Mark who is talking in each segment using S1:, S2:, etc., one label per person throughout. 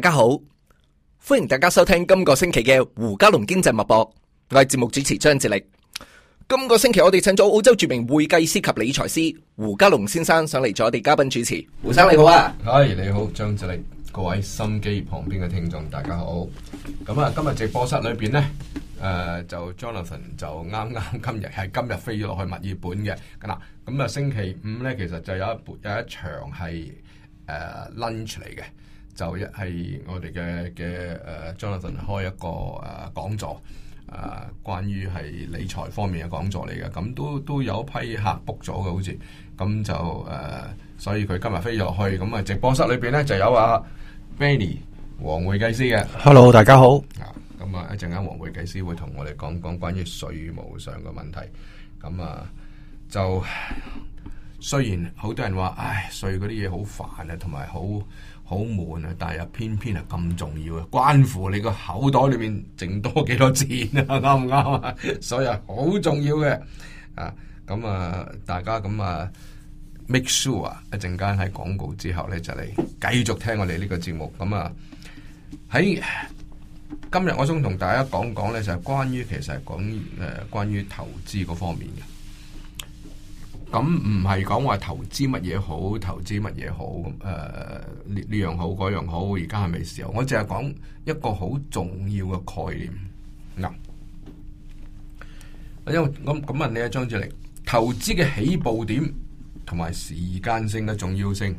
S1: 大家好，歡迎大家收聽今個星期嘅胡嘉龍經濟脈搏，我係節目主持張智力。今個星期我哋請咗澳洲著名會計師及理財師胡嘉龍先生上嚟做我哋嘉賓主持。胡生你好
S2: 啊，Hi 你好，張智力，各位心機旁邊嘅聽眾大家好。咁啊，今日直播室裏邊呢，誒、呃，就 Jonathan 就啱啱今日係今日飛咗落去墨爾本嘅嗱，咁啊星期五呢，其實就有一有一場係誒、呃、lunch 嚟嘅。就一、是、係我哋嘅嘅誒，Jonathan 開一個誒、啊、講座，誒、啊、關於係理財方面嘅講座嚟嘅，咁都都有一批客 book 咗嘅，好似咁就誒、啊，所以佢今日飛咗去，咁啊直播室裏邊咧就有阿、啊、Benny 黃會計師嘅，Hello 大家好，啊咁啊一陣間黃會計師會同我哋講講關於稅務上嘅問題，咁啊就雖然好多人話，唉，稅嗰啲嘢好煩啊，同埋好。好悶啊！但係又偏偏係咁重要啊，關乎你個口袋裏面剩多幾多錢啊？啱唔啱啊？所以啊，好重要嘅啊！咁啊，大家咁啊，make sure 啊！一陣間喺廣告之後咧，就嚟繼續聽我哋呢個節目。咁啊，喺今日我想同大家講講咧，就係關於其實係講誒關於投資嗰方面嘅。咁唔係講話投資乜嘢好，投資乜嘢好，誒呢呢樣好，嗰樣好，而家係咪時候？我淨係講一個好重要嘅概念嗱。因為咁咁問你啊，張志玲，投資嘅起步點同埋時間性嘅重要性，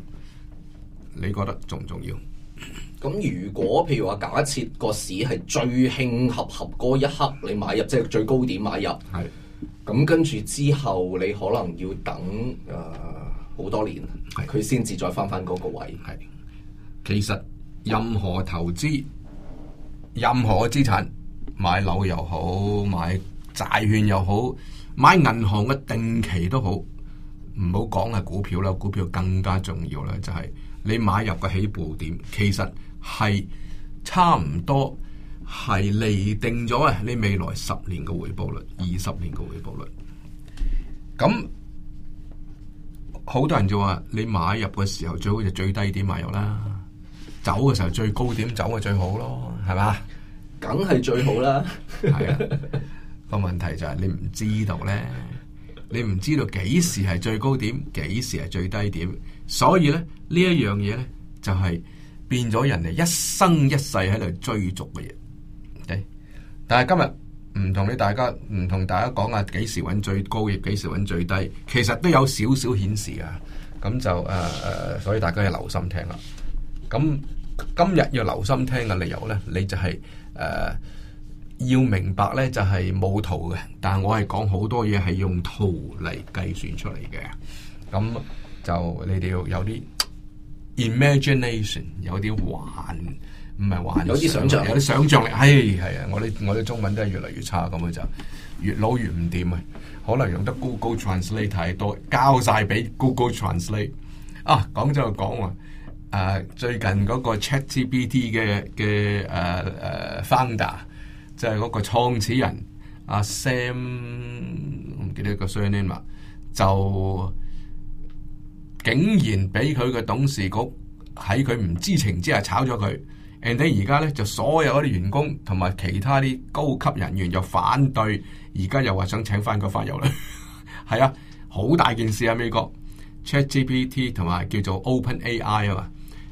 S2: 你覺得重唔重要？
S1: 咁如果譬如話假設個市係最興合合嗰一刻，你買入即係、就是、最高點買入，係。咁跟住之後，你可能要等誒好、呃、多年，佢先至再翻翻嗰個位。係，
S2: 其實任何投資，任何資產，買樓又好，買債券又好，買銀行嘅定期都好，唔好講係股票啦，股票更加重要啦。就係、是、你買入嘅起步點，其實係差唔多。係釐定咗啊！你未來十年嘅回報率，二十年嘅回報率。咁好多人就話：你買入嘅時候最好就最低點買入啦，啊、走嘅時候最高點走咪最好咯，係嘛？
S1: 梗係最好啦。 啊
S2: 個問題就係你唔知道呢，你唔知道幾時係最高點，幾時係最低點。所以咧，呢一樣嘢呢，就係、是、變咗人哋一生一世喺度追逐嘅嘢。但係今日唔同你大家唔同大家講啊，幾時搵最高亦，幾時搵最低，其實都有少少顯示啊。咁就誒、呃、所以大家要留心聽啦。咁今日要留心聽嘅理由咧，你就係、是、誒、呃、要明白咧，就係、是、冇圖嘅，但係我係講好多嘢係用圖嚟計算出嚟嘅。咁就你哋要有啲 imagination，有啲玩。唔係玩有啲想象，有啲想像力。唉，係啊！想哎、我啲我啲中文真係越嚟越差，咁佢就越老越唔掂啊！可能用得 Google Translate 太多，交晒俾 Google Translate、啊。啊，講就講喎。誒，最近嗰個 ChatGPT 嘅嘅誒誒、啊啊、founder，就係嗰個創始人阿、啊、Sam，唔記得個 surname，就竟然俾佢嘅董事局喺佢唔知情之下炒咗佢。And 而家咧就所有嗰啲員工同埋其他啲高級人員又反對，而家又話想請翻個 founder 啦，係啊，好大件事啊！美國 ChatGPT 同埋叫做 OpenAI 啊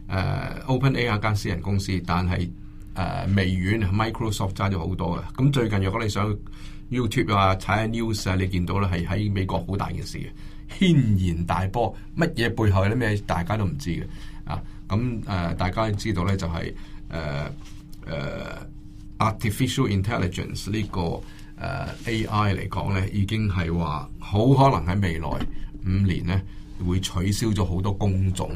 S2: 嘛，誒 OpenAI 係間私人公司，但係誒微軟 Microsoft 爭咗好多嘅。咁最近若果你想 YouTube 啊踩下 news 啊，你見到咧係喺美國好大件事嘅，軒然大波，乜嘢背後啲咩大家都唔知嘅啊。咁誒、啊、大家知道咧就係、是。誒、uh, uh, artificial intelligence、這個 uh, 呢個誒 AI 嚟講咧，已經係話好可能喺未來五年咧會取消咗好多工種，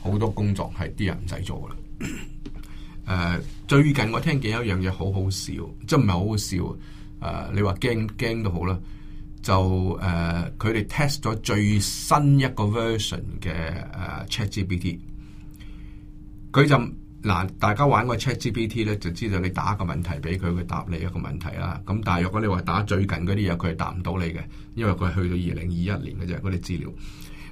S2: 好多工作係啲人唔使做噶啦。誒、 uh, 最近我聽見一樣嘢，好好笑，即係唔係好好笑誒？Uh, 你話驚驚都好啦，就誒佢哋 test 咗最新一個 version 嘅誒 ChatGPT，佢就。嗱，大家玩個 ChatGPT 咧，就知道你打個問題俾佢，佢答你一個問題啦。咁但係，如果你話打最近嗰啲嘢，佢係答唔到你嘅，因為佢係去到二零二一年嘅啫，嗰啲資料。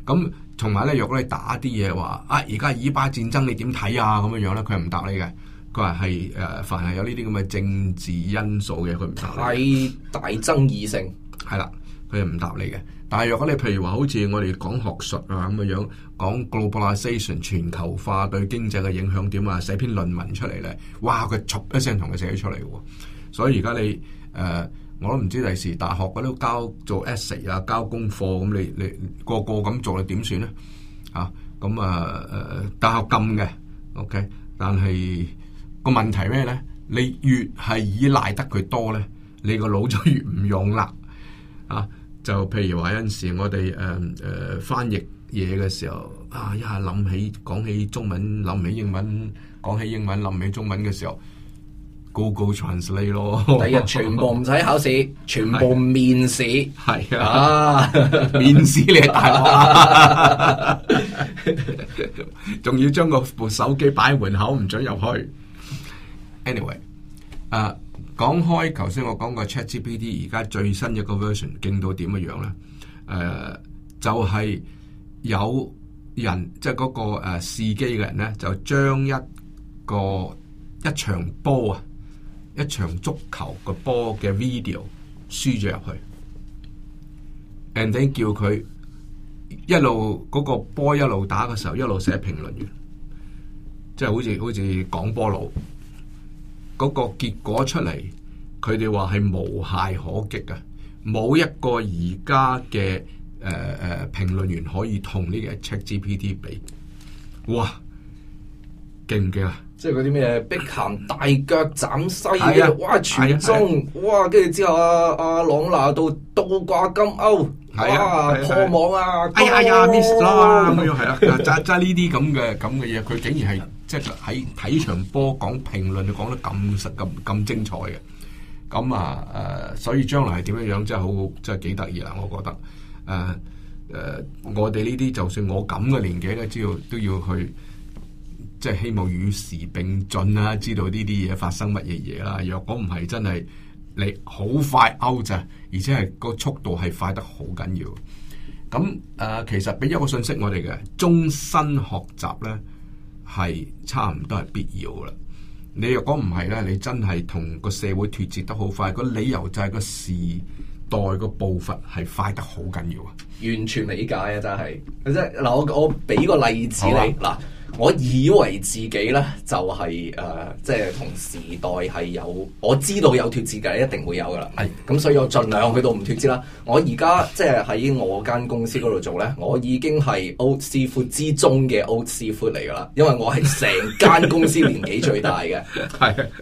S2: 咁同埋咧，若果你打啲嘢話，啊，而家以巴戰爭你點睇啊？咁樣樣咧，佢係唔答你嘅。佢話係誒，凡係有呢啲咁嘅政治因素嘅，佢唔答你嘅。太大爭議性，係啦，佢係唔答你嘅。但係若果你譬如話，好似我哋講學術啊咁嘅樣，講 globalization 全球化對經濟嘅影響點啊，寫篇論文出嚟咧，哇佢唰一聲同佢寫出嚟喎，所以而家你誒、呃，我都唔知第時大學嗰度交做 essay 啊，交功課咁你你，你個個咁做，你點算咧？吓咁啊，誒、啊呃，大學禁嘅，OK，但係個問題咩咧？你越係依賴得佢多咧，你個腦就越唔用啦，啊！就譬如話有陣時我，我哋誒誒翻譯嘢嘅時候，啊一下諗起講起中文，諗唔起英文；講起英文，諗唔起中文嘅時候，Google Translate 咯。第日全部唔使考試， 全部
S1: 面試。係啊， 啊 面試你係大佬！
S2: 仲 要將個部手機擺門口，唔准入去。Anyway，啊、uh。講開，頭先我講過 ChatGPT 而家最新一個 version 勁到點樣樣咧？誒、呃，就係、是、有人即係嗰個誒試機嘅人咧，就將、是那個呃、一個一場波啊，一場足球嘅波嘅 video 輸咗入去，and then 叫佢一路嗰、那個波一路打嘅時候，一路寫評論員，即、就、係、是、好似好似講波佬。嗰、那個結果出嚟，佢哋話係無懈可擊啊。冇一個而家嘅誒誒評論員可以同呢個 ChatGPT 比。哇，勁唔勁啊？
S1: 即係嗰啲咩碧咸大腳斬西啊，哇傳中，啊啊，哇跟住之後阿、啊、阿、啊、朗拿度倒掛金鈎，係啊，啊，啊破網啊，啊啊啊哥哥哎呀哎呀 miss 啦，咁係啦，
S2: 揸揸呢啲咁嘅咁嘅嘢，佢、啊、 竟然係。即係喺睇場波講評論，你講得咁實、咁咁精彩嘅，咁啊誒，所以將來係點樣樣，真係好，真係幾得意啦！我覺得誒誒、啊啊，我哋呢啲就算我咁嘅年紀咧，都要都要去，即係希望與時並進啦，知道呢啲嘢發生乜嘢嘢啦。若果唔係，真係你好快 out 啫，而且係個速度係快得好緊要。咁誒、啊，其實俾一個信息我哋嘅，終身學習咧。係差唔多係必要啦，你若果唔係呢，你真係同個社會脫節得好快，個理由就係個時代個步伐係快得好緊要
S1: 啊！完全理解啊，真係，即係我我俾個例子你嗱。我以為自己呢，就係、是呃、即係同時代係有我知道有脫節嘅，一定會有噶啦。係咁，所以我儘量去到唔脫節啦。我而家即係喺我間公司嗰度做呢，我已經係 Old 師傅之中嘅 Old 師傅嚟噶啦，因為我係成間公司年紀最大嘅。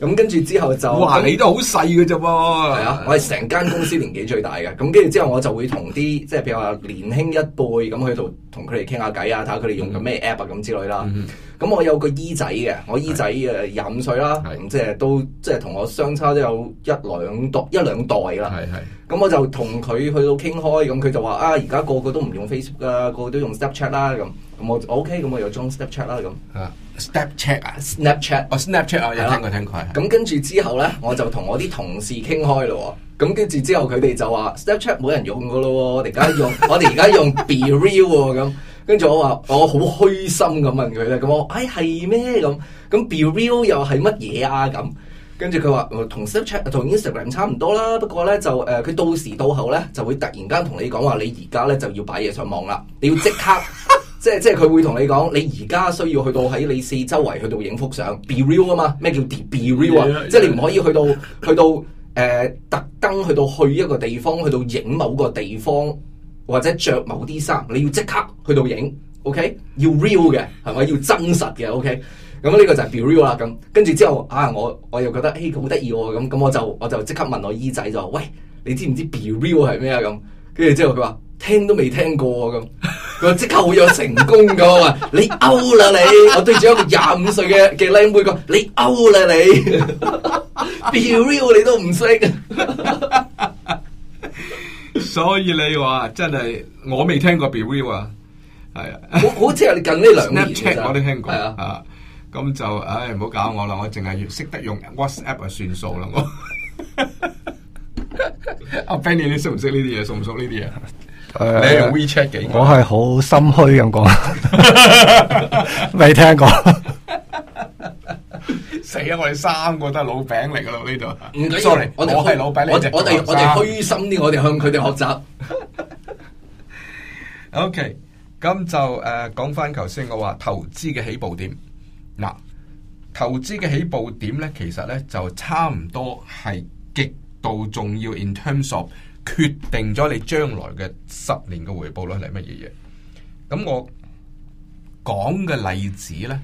S1: 咁， 跟住之後就哇，哇，你都好細㗎啫噃。係啊，我係成間公司年紀最大嘅。咁跟住之後，我就會同啲即係譬如話年輕一輩咁去到。同佢哋傾下偈啊，睇下佢哋用緊咩 app 啊，咁之類啦。咁、嗯嗯嗯、我有個姨仔嘅，我姨仔啊廿五歲啦，咁即係都即係同我相差都有一兩代一兩代啦。咁我就同佢去到傾開，咁佢就話啊，而家個個都唔用 Facebook 啦，個個都用 Snapchat 啦。咁我 okay, 我 OK，咁我又裝 Snapchat 啦。咁、uh, Snapchat Snapchat 我 Snapchat 啊、uh, oh, uh,，有、uh, 聽過聽過。咁跟住之後咧， 我就同我啲同事傾開咗。咁跟住之後，佢哋就話 Snapchat 冇人用㗎咯，我哋而家用 我哋而家用 Be Real 喎。咁跟住我話我好虛心咁問佢咧，咁我唉，係咩咁？咁 Be Real 又係乜嘢啊？咁跟住佢話同 Snapchat 同 Instagram 差唔多啦，不過咧就佢、呃、到時到後咧就會突然間同你講話，你而家咧就要擺嘢上網啦，你要即刻 即刻即即佢會同你講，你而家需要去到喺你四周圍去到影幅相 Be Real 啊嘛？咩叫 de, Be Real 啊？Yeah, yeah, 即係你唔可以去到 去到。誒，特登去到去一個地方，去到影某個地方或者着某啲衫，你要即刻去到影，OK？要 real 嘅係咪？要真實嘅，OK？咁呢個就係 be real 啦。咁跟住之後啊，我我又覺得誒好得意喎。咁咁我就我就即刻問我姨仔就喂，你知唔知 be real 係咩啊？咁跟住之後佢話聽都未聽過啊。咁佢話即刻好有成功咁。我 話你勾啦你。我對住一個廿五歲嘅嘅靚妹講你勾啦你。 Be Real 你都唔識，
S2: 所以你話真係我未聽過 Be Real 啊，係啊，我好似係近呢兩年 Snapchat 我都聽過，啊，咁、啊、就唉唔好搞我啦，我淨係識得用 WhatsApp 係算數啦，我阿、 uh, Benny 你識唔識呢啲嘢？熟唔熟呢啲嘢？Uh, 你用 WeChat 嘅，我係
S3: 好心虛咁講，未聽過。
S2: 死啊！我哋三個都係老餅嚟噶啦，呢度。唔，sorry，我係老餅嚟，我我我哋我哋虛心啲，我哋向佢哋學習。 OK，咁就誒講翻頭先我話投資嘅起步點嗱，投資嘅起步點咧，其實咧就差唔多係極度重要，in terms of 決定咗你將來嘅十年嘅回報率係乜嘢嘢。咁我講嘅例子咧。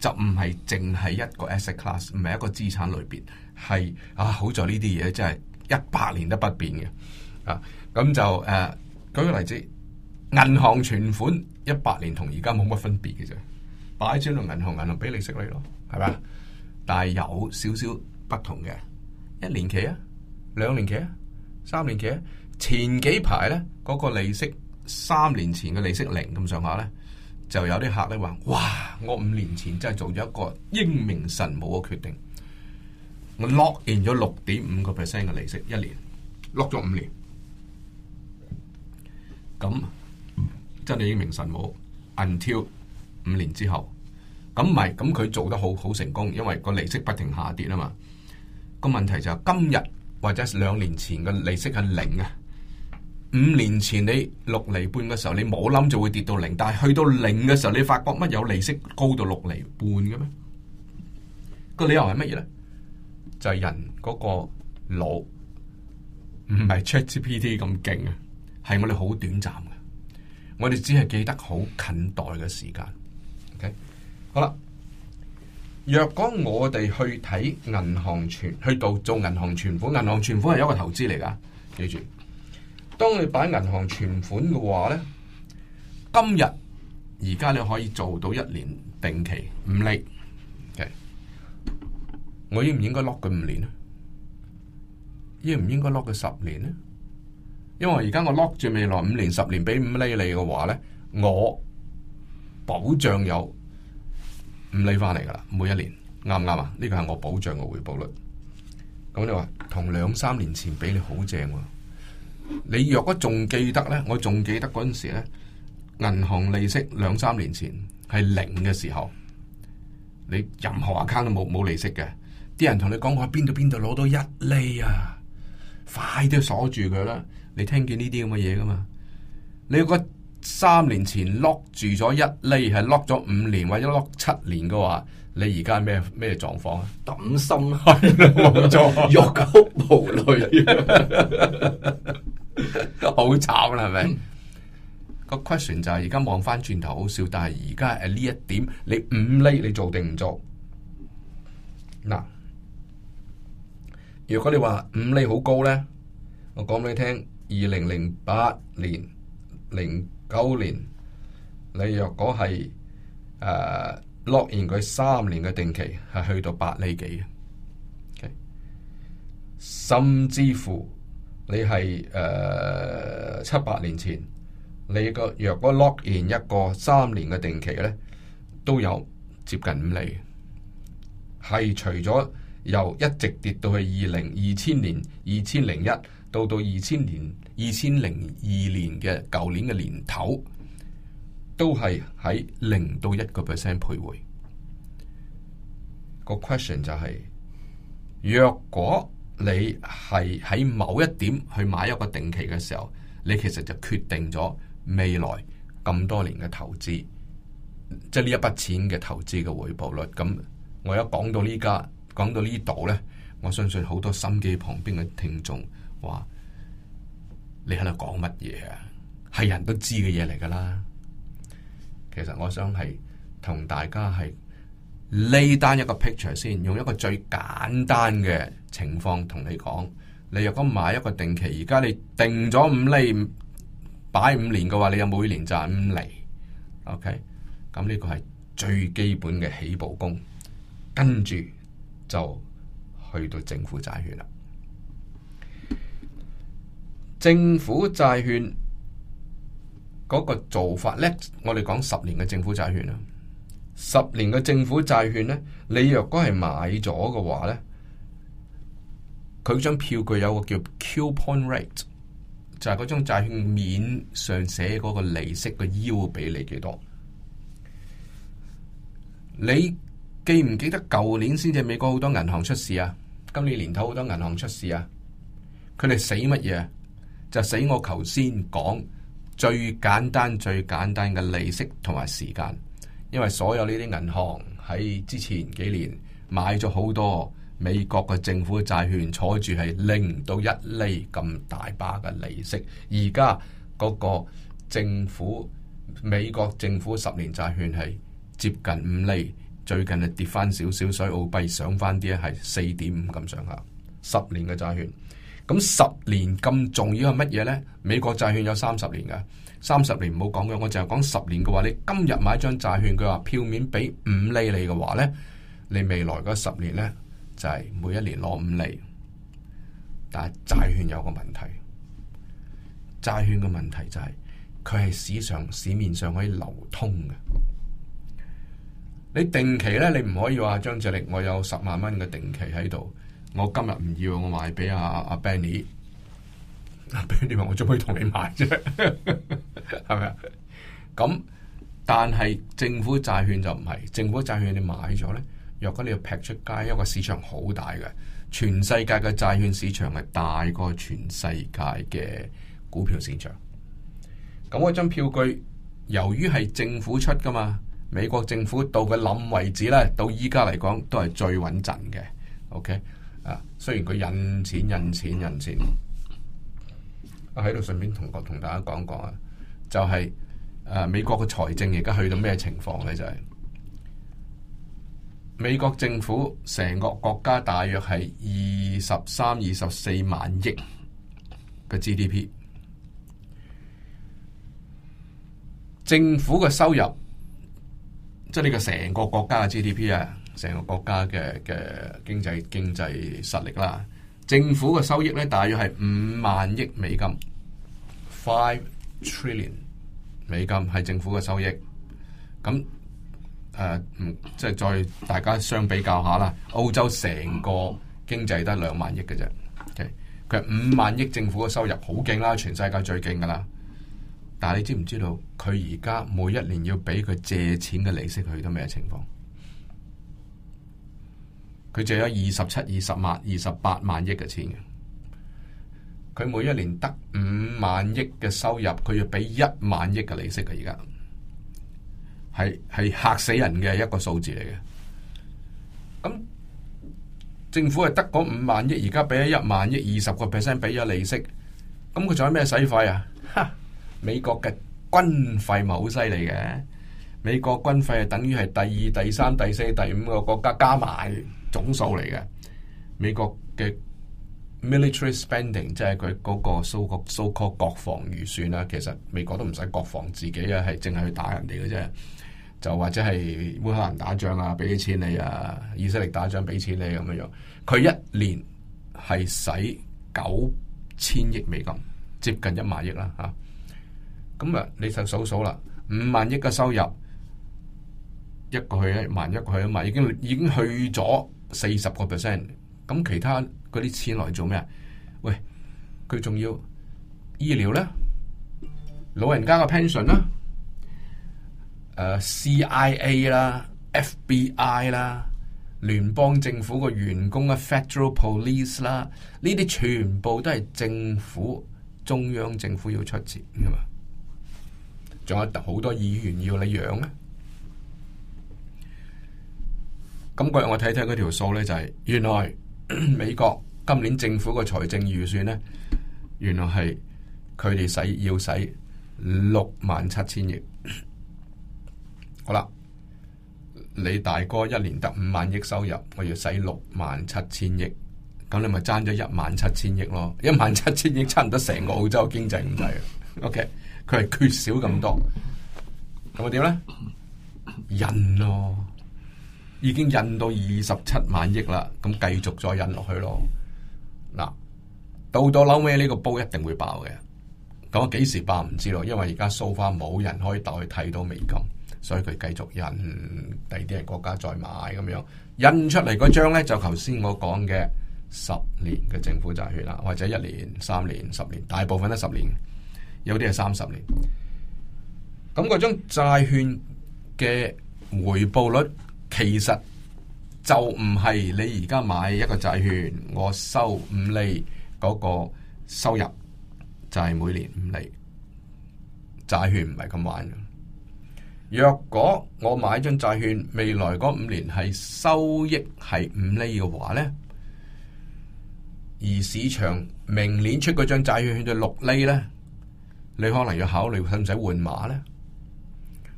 S2: 就唔係淨係一個 asset class，唔係一個資產類別，係啊，好在呢啲嘢真係一百年都不變嘅啊！咁就誒、啊、舉個例子，銀行存款一百年同而家冇乜分別嘅啫，擺喺嗰度銀行，銀行俾利息你咯，係嘛？但係有少少不同嘅，一年期啊，兩年期啊，三年期啊，前幾排咧嗰、那個利息三年前嘅利息零咁上下咧。就有啲客咧話：哇！我五年前真係做咗一個英明神武嘅決定，我 lock in 咗六點五個 percent 嘅利息，一年 lock 咗五年。咁真係英明神武，until 五年之後，咁唔係，咁佢做得好好成功，因為個利息不停下跌啊嘛。個問題就係今日或者兩年前嘅利息係零啊。五年前你六厘半嘅時候，你冇諗就會跌到零，但係去到零嘅時候，你發覺乜有利息高到六厘半嘅咩？個理由係乜嘢咧？就係、是、人嗰個腦唔係 ChatGPT 咁勁啊，係我哋好短暫嘅，我哋只係記得好近代嘅時間。OK，好啦，若果我哋去睇銀行存，去到做銀行存款，銀行存款係一個投資嚟噶，記住。當你擺銀行存款嘅話咧，今日而家你可以做到一年定期五厘，okay. 我應唔應該 lock 佢五年咧？應唔應該 lock 佢十年咧？因為而家我 lock 住未來五年、十年，俾五厘你嘅話咧，我保障，有五厘翻嚟噶啦，每一年啱唔啱啊？呢個係我保障嘅回報率。咁你話，同兩三年前俾你好正喎。你若果仲記得咧，我仲記得嗰陣時咧，銀行利息兩三年前係零嘅時候，你任何 account 都冇冇利息嘅。啲人同你講，我邊度邊度攞到一厘啊，快啲鎖住佢啦！你聽見呢啲咁嘅嘢噶嘛？你如果三年前 lock 住咗一厘，係 lock 咗五年或者 lock 七年嘅話，你而家咩咩狀況啊？抌
S1: 心開啦，冇 錯，欲哭無淚。
S2: 好慘係咪？個、嗯、question 就係而家望翻轉頭好笑，但係而家係呢一點，你五厘你做定唔做？嗱，如果你話五厘好高咧，我講俾你聽，二零零八年零九年，你若果係誒落完佢三年嘅定期，係去到八厘幾嘅，okay? 甚至乎。你係誒、呃、七八年前，你個若果 lock in 一個三年嘅定期咧，都有接近五厘。係除咗由一直跌到去二零二千年二千零一，2001，到到二千年二千零二年嘅舊年嘅年頭，都係喺零到一個 percent 徘徊。個 question 就係、是、若果。你係喺某一點去買一個定期嘅時候，你其實就決定咗未來咁多年嘅投資，即係呢一筆錢嘅投資嘅回報率。咁我一講到呢家講到呢度咧，我相信好多心機旁邊嘅聽眾話，你喺度講乜嘢啊？係人都知嘅嘢嚟㗎啦。其實我想係同大家 lay down 一個 picture 先，用一個最簡單嘅。情況同你講，你若果買一個定期，而家你定咗五釐，擺五年嘅話，你有每年賺五厘。OK 咁呢個係最基本嘅起步工，跟住就去到政府債券啦。政府債券嗰個做法呢，我哋講十年嘅政府債券啦，十年嘅政府債券呢，你若果係買咗嘅話呢。佢張票據有個叫 coupon rate，就係嗰張債券面上寫嗰個利息嘅腰俾你幾多？你記唔記得舊年先至美國好多銀行出事啊？今年年頭好多銀行出事啊！佢哋死乜嘢？就死我頭先講最簡單、最簡單嘅利息同埋時間，因為所有呢啲銀行喺之前幾年買咗好多。美國嘅政府債券坐住係拎唔到一厘咁大把嘅利息，而家嗰個政府美國政府十年債券係接近五厘，最近係跌翻少少，所以澳幣上翻啲係四點五咁上下。十年嘅債券，咁十年咁重要係乜嘢咧？美國債券有三十年嘅，三十年唔好講嘅，我淨係講十年嘅話，你今日買張債券，佢話票面俾五厘你嘅話咧，你未來嗰十年咧？就係、是、每一年攞五厘，但係債券有個問題，債券嘅問題就係佢係市上市面上可以流通嘅。你定期咧，你唔可以話張志力，我有十萬蚊嘅定期喺度，我今日唔要，我賣畀阿阿 Benny，阿 Benny 話我做咩同你買啫？係咪啊？咁、啊， 但係政府債券就唔係，政府債券你買咗咧。若果你要劈出街，一個市場好大嘅，全世界嘅債券市場係大過全世界嘅股票市場。咁嗰張票據，由於係政府出噶嘛，美國政府到佢諗為止咧，到依家嚟講都係最穩陣嘅。OK 啊，雖然佢印錢、印錢、印錢，我喺度順便同同大家講講、就是、啊，就係誒美國嘅財政而家去到咩情況咧，就係、是。美國政府成個國家大約係二十三、二十四萬億嘅 GDP，政府嘅收入即係呢個成個國家嘅 GDP 啊，成個國家嘅嘅經濟經濟實力啦。政府嘅收益呢，大約係五萬億美金，five trillion 美金係政府嘅收益，咁。呃、即係再大家相比較下啦，澳洲成個經濟得兩萬億嘅啫，佢、okay、五萬億政府嘅收入好勁啦，全世界最勁噶啦。但係你知唔知道佢而家每一年要畀佢借錢嘅利息去到咩情況？佢借咗二十七、二十萬、二十八萬億嘅錢，佢每一年得五萬億嘅收入，佢要畀一萬億嘅利息，佢而家。係係嚇死人嘅一個數字嚟嘅，咁政府係得嗰五萬億，而家俾咗一萬億，二十個 percent 俾咗利息、啊，咁佢仲有咩使費啊？哈！美國嘅軍費咪好犀利嘅，美國軍費係等於係第二、第三、第四、第五個國家加埋總數嚟嘅。美國嘅 Military Spending 即係佢嗰個 so called so called 國防預算啦、啊，其實美國都唔使國防自己啊，係淨係去打人哋嘅啫。就或者係烏克蘭打仗啊，畀啲錢你啊；以色列打仗畀錢你咁樣樣，佢一年係使九千億美金，接近一萬億啦吓。咁啊，你就數數啦，五萬億嘅收入，一個去一萬，一個去一萬，已經已經去咗四十個 percent。咁其他嗰啲錢來做咩啊？喂，佢仲要醫療咧，老人家嘅 pension 啦。Uh, CIA 啦，FBI 啦，聯邦政府個員工嘅、啊、Federal Police 啦，呢啲全部都係政府，中央政府要出錢噶嘛，仲 有好多議員要你養啊！咁日我睇睇嗰條數呢就係、是、原來 美國今年政府個財政預算呢，原來係佢哋使要使六萬七千億。好啦，你大哥一年得五萬億收入，我要使六萬七千億，咁你咪爭咗一萬七千億咯？一萬七千億差唔多成個澳洲經濟咁大啦。O K，佢係缺少咁多，咁啊點咧？印咯，已經印到二十七萬億啦，咁繼續再印落去咯。嗱，到到撈尾呢個煲一定會爆嘅，咁我幾時爆唔知咯，因為而家 so far 冇人可以帶去睇到美金。所以佢繼續印，第二啲係國家再買咁樣印出嚟嗰張咧，就頭先我講嘅十年嘅政府債券啦，或者一年、三年、十年，大部分都十年，有啲係三十年。咁嗰張債券嘅回報率，其實就唔係你而家買一個債券，我收五厘嗰個收入就係、是、每年五厘，債券唔係咁玩嘅。若果我買張債券，未來嗰五年係收益係五厘嘅話咧，而市場明年出嗰張債券就六厘咧，你可能要考慮使唔使換馬咧？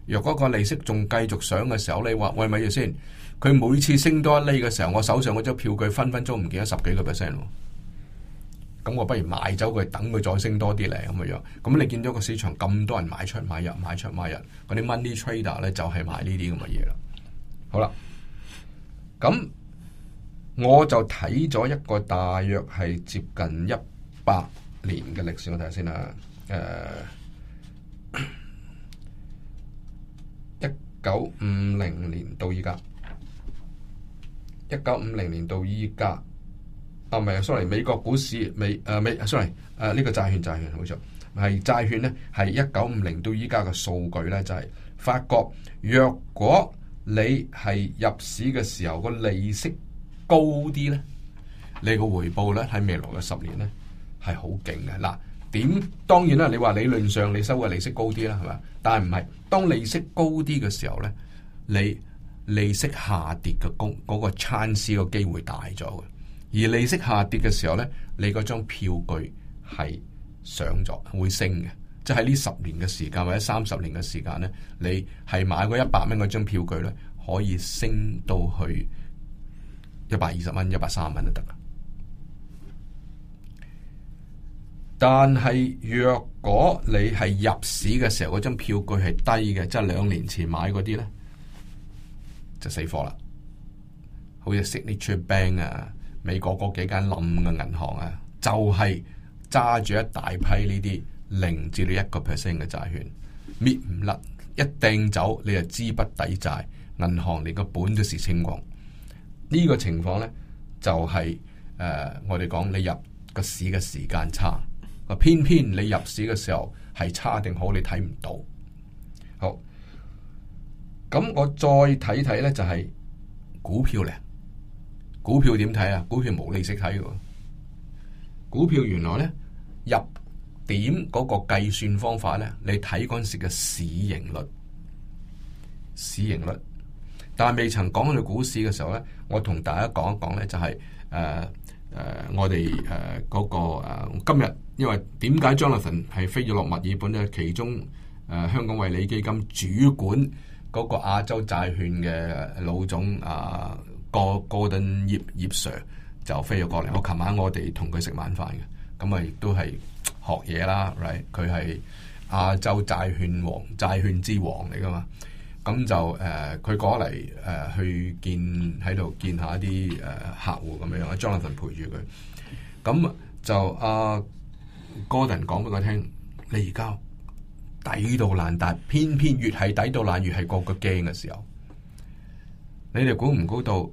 S2: 若果個利息仲繼續上嘅時候，你話喂，咪住先，佢每次升多一厘嘅時候，我手上嗰張票據分分鐘唔見咗十幾個 percent。咁我不如買走佢，等佢再升多啲咧咁嘅樣。咁你見到個市場咁多人買出買入買出買入，嗰啲 money trader 咧就係買呢啲咁嘅嘢啦。好啦，咁我就睇咗一個大約係接近一百年嘅歷史，我睇下先啦。誒，一九五零年到依家，一九五零年到依家。哦、啊、，sorry 美國股市，美，誒、啊，美，sorry，誒、啊，呢、這個債券，債券，冇錯，係債券咧，係一九五零到依家嘅數據咧，就係發覺，若果你係入市嘅時候個利息高啲咧，你個回報咧喺未來嘅十年咧係好勁嘅。嗱，點當然啦，你話理論上你收嘅利息高啲啦，係咪？但係唔係，當利息高啲嘅時候咧，你利息下跌嘅工嗰個 chance 嘅機會大咗嘅。而利息下跌嘅時候咧，你嗰張票據係上咗，會升嘅。即係呢十年嘅時間或者三十年嘅時間咧，你係買嗰一百蚊嗰張票據咧，可以升到去一百二十蚊、一百三十蚊就得啦。但係若果你係入市嘅時候嗰張票據係低嘅，即係兩年前買嗰啲咧，就死貨啦。好似 Signature Bank 啊～美國嗰幾間冧嘅銀行啊，就係揸住一大批呢啲零至到一個 percent 嘅債券，搣唔甩，一掟走你就資不抵債，銀行連個本都蝕清光。呢、這個情況咧就係、是、誒、呃，我哋講你入個市嘅時間差，啊偏偏你入市嘅時候係差定好你睇唔到。好，咁我再睇睇咧就係、是、股票咧。股票點睇啊？股票冇利息睇嘅。股票原來咧入點嗰個計算方法咧，你睇嗰陣時嘅市盈率。市盈率，但係未曾講到股市嘅時候咧，我同大家講一講咧，就係誒誒，我哋誒嗰個誒、啊、今日，因為點解 Jonathan 係飛咗落墨爾本咧？其中誒、啊、香港惠理基金主管嗰個亞洲債券嘅老總啊。個 Gordon 葉葉 Sir 就飛咗過嚟，我琴晚我哋同佢食晚飯嘅，咁啊亦都係學嘢啦，Right，佢係亞洲債券王、債券之王嚟噶嘛，咁就佢過嚟去見喺度見一下一啲客戶咁樣樣，Jonathan 陪住佢，咁就阿、啊、Gordon 講俾我聽，你而家抵到爛達，偏偏越係抵到爛越，越係個個驚嘅時候，你哋估唔估到？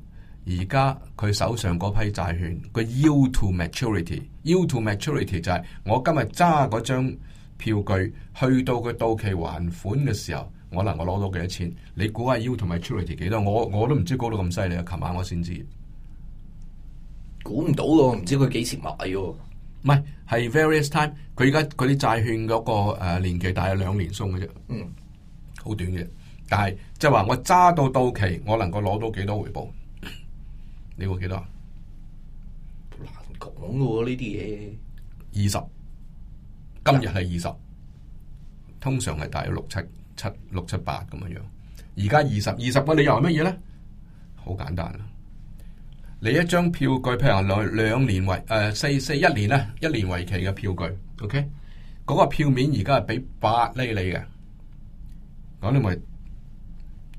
S2: 而家佢手上嗰批債券，佢 yield to maturity，yield to maturity 就係我今日揸嗰張票據，去到佢到期還款嘅時候，我能夠攞到幾多錢？你估下 yield to maturity 幾多？我我都唔知高到咁犀利啊！琴晚我先知，估唔到喎，唔知佢幾時買喎？唔係，係 Various time。佢而家佢啲債券嗰個年期大約兩年送嘅啫，嗯，好短嘅。但係即係話我揸到到期，我能夠攞到幾多回報？你會幾多啊？
S1: 好難講噶喎呢啲嘢，
S2: 二十，20, 今日係二十，通常係大約六七七六七八咁樣樣。而家二十二十個理由係乜嘢咧？好簡單啦，你一張票據，譬如話兩兩年為誒四四一年啦，一年為期嘅票據，OK，嗰個票面而家係畀八厘你嘅，咁你咪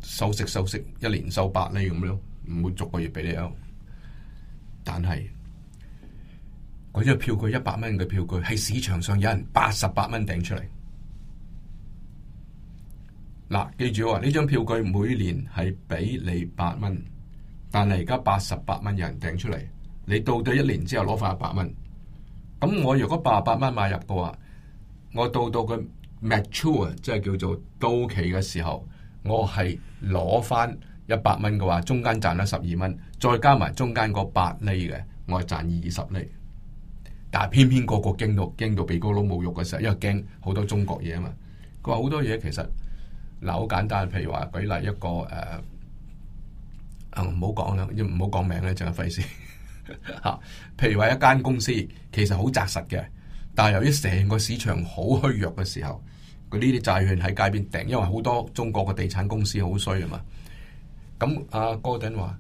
S2: 收息收息，一年收八厘咁樣，唔、嗯、會逐個月畀你咯。但係，嗰張票據一百蚊嘅票據，喺市場上有人八十八蚊頂出嚟。嗱，記住我話呢張票據每年係俾你八蚊，但係而家八十八蚊有人頂出嚟，你到到一年之後攞翻一百蚊。咁我如果八十八蚊買入嘅話，我到到佢 mature，即係叫做到期嘅時候，我係攞翻，一百蚊嘅話，中間賺咗十二蚊，再加埋中間嗰八厘嘅，我係賺二十厘。但係偏偏個個驚到驚到鼻哥窿冇肉嘅時候，因為驚好多中國嘢啊嘛。佢話好多嘢其實嗱，好簡單，譬如話舉例一個誒，唔好講啦，唔好講名咧，淨係費事吓。 譬如話一間公司其實好紮實嘅，但係由於成個市場好虛弱嘅時候，佢呢啲債券喺街邊掟，因為好多中國嘅地產公司好衰啊嘛。咁阿哥登話，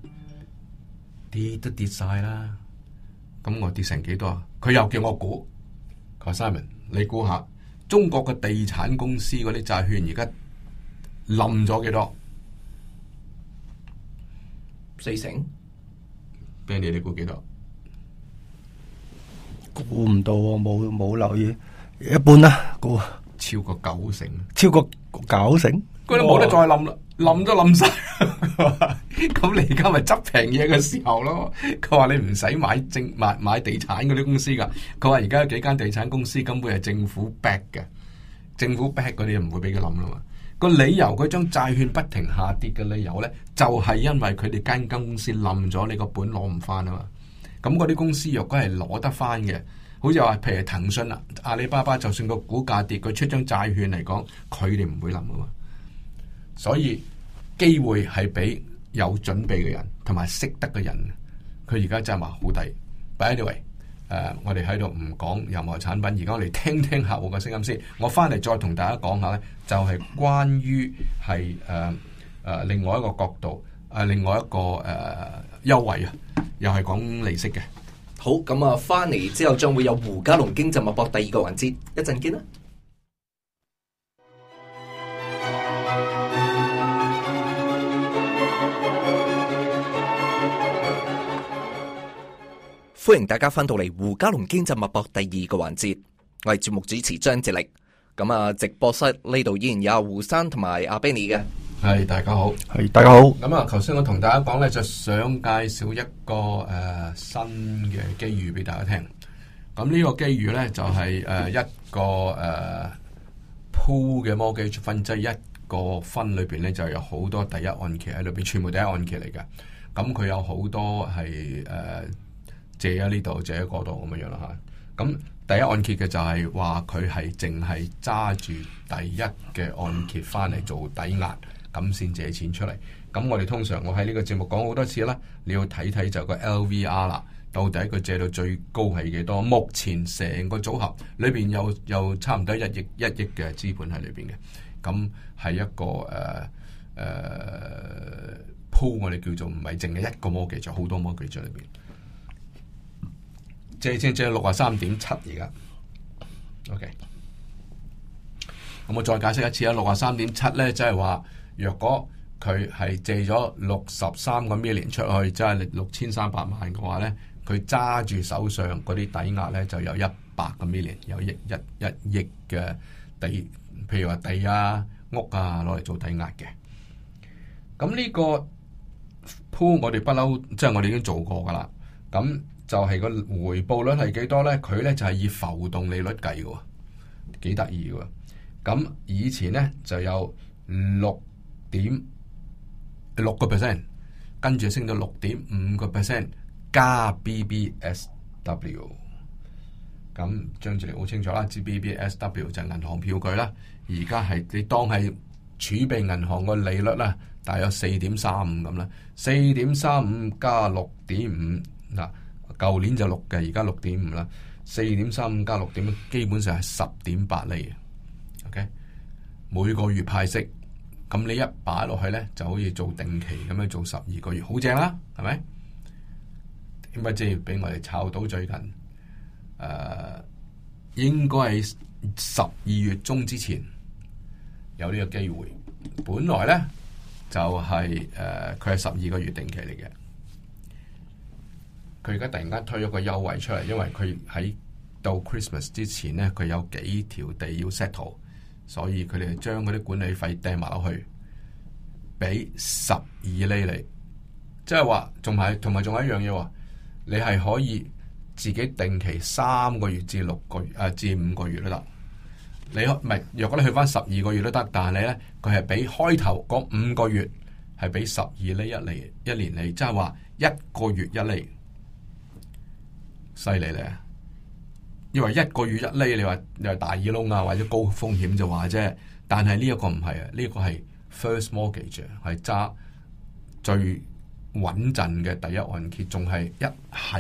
S2: 跌都跌晒啦，咁我跌成幾多？佢又叫我估，佢話 Simon，你估下中國嘅地產公司嗰啲債券而家冧咗幾多？四成，畀你，你估幾多？
S3: 估唔到，冇冇留意，一半啦，估超過九成，超過九成，佢都冇得
S2: 再冧啦，冧都冧晒。咁 你而家咪執平嘢嘅時候咯？佢話你唔使買正買買地產嗰啲公司噶。佢話而家有幾間地產公司根本係政府 back 嘅，政府 back 啲唔會俾佢冧啦嘛。個理由佢張債券不停下跌嘅理由呢，就係因為佢哋間間公司冧咗，你個本攞唔翻啊嘛。咁嗰啲公司若果係攞得翻嘅，好似話譬如騰訊啊、阿里巴巴，就算個股價跌，佢出張債券嚟講，佢哋唔會冧噶嘛。所以。機會係俾有準備嘅人同埋識得嘅人，佢而家真係話好抵。By the way，誒、呃，我哋喺度唔講任何產品，而家我哋聽聽客戶嘅聲音先。我翻嚟，再同大家講下呢就係關於係誒
S1: 誒另外一個角度，誒、呃、另外一個誒優、呃、惠啊，又係講利息嘅。好，咁啊，翻嚟之後將會有胡嘉龍經濟脈搏第二個環節，一陣見啦。歡迎大家翻到嚟胡嘉龍經濟脈搏第二個環節，我係節目主持張哲力。咁啊，直播室呢度依然有胡生同埋阿 Benny 嘅。
S3: 係大家好，係大家好。咁
S1: 啊，頭先我同大家講咧，就想介紹一個誒、呃、
S2: 新嘅機遇俾大家聽。咁呢個機遇咧就係誒一個誒 pool 嘅 mortgage fund，即係一個 fund、呃、裏邊咧就有好多第一按揭喺裏邊，全部第一按揭嚟嘅。咁佢有好多係誒。呃借喺呢度，借喺嗰度咁樣樣啦吓。咁第一按揭嘅就係話佢係淨係揸住第一嘅按揭翻嚟，做抵押，咁先借錢出嚟。咁我哋通常我喺呢個節目講好多次啦，你要睇睇就個 LVR 啦，到底佢借到最高係幾多？目前成個組合裏邊有有差唔多一億一億嘅資本喺裏邊嘅，咁係一個誒誒鋪，啊啊、我哋叫做唔係淨係一個 mortgage，好多 mortgage 喺裏邊。借先借六十三點七而家，OK。咁我再解釋一次啊，六十三點七咧，即係話，若果佢係借咗六十三個 million 出去，即係六千三百萬嘅話咧，佢揸住手上嗰啲抵押咧，就有一百個 million，有一一一億嘅地，譬如話地啊、屋啊，攞嚟做抵押嘅。咁呢個鋪我哋不嬲，即係我哋已經做過噶啦，咁。就係、是、個回報率係幾多咧？佢咧就係、是、以浮動利率計嘅，幾得意嘅。咁以前咧就有六點六個 percent，跟住升到六點五個 percent 加 B B S W。咁張志嚟好清楚啦，即係 B B S W 就係銀行票據啦。而家係你當係儲備銀行個利率啦，大約四點三五咁啦，四點三五加六點五嗱。舊年就六嘅，而家六點五啦，四點三加六點五，基本上係十點八厘。OK，每個月派息，咁你一擺落去咧，就可以做定期咁樣做十二個月，好正啦，係咪？點解即係俾我哋炒到最近？誒、呃，應該係十二月中之前有呢個機會。本來咧就係、是、誒，佢係十二個月定期嚟嘅。佢而家突然間推咗個優惠出嚟，因為佢喺到 Christmas 之前咧，佢有幾條地要 settle，所以佢哋將嗰啲管理費掟埋落去，俾十二厘你。即係話，仲埋同埋仲係一樣嘢。你係可以自己定期三個月至六個月，誒、呃、至五個月都得。你唔係若果你去翻十二個月都得，但係咧佢係俾開頭嗰五個月係俾十二厘一厘一年釐，即係話一個月一厘。犀利咧！因為一個月一厘，你話又係大耳窿啊，或者高風險就話啫。但係呢一個唔係啊，呢、呢個係 first mortgage，係揸最穩陣嘅第一按揭，仲係一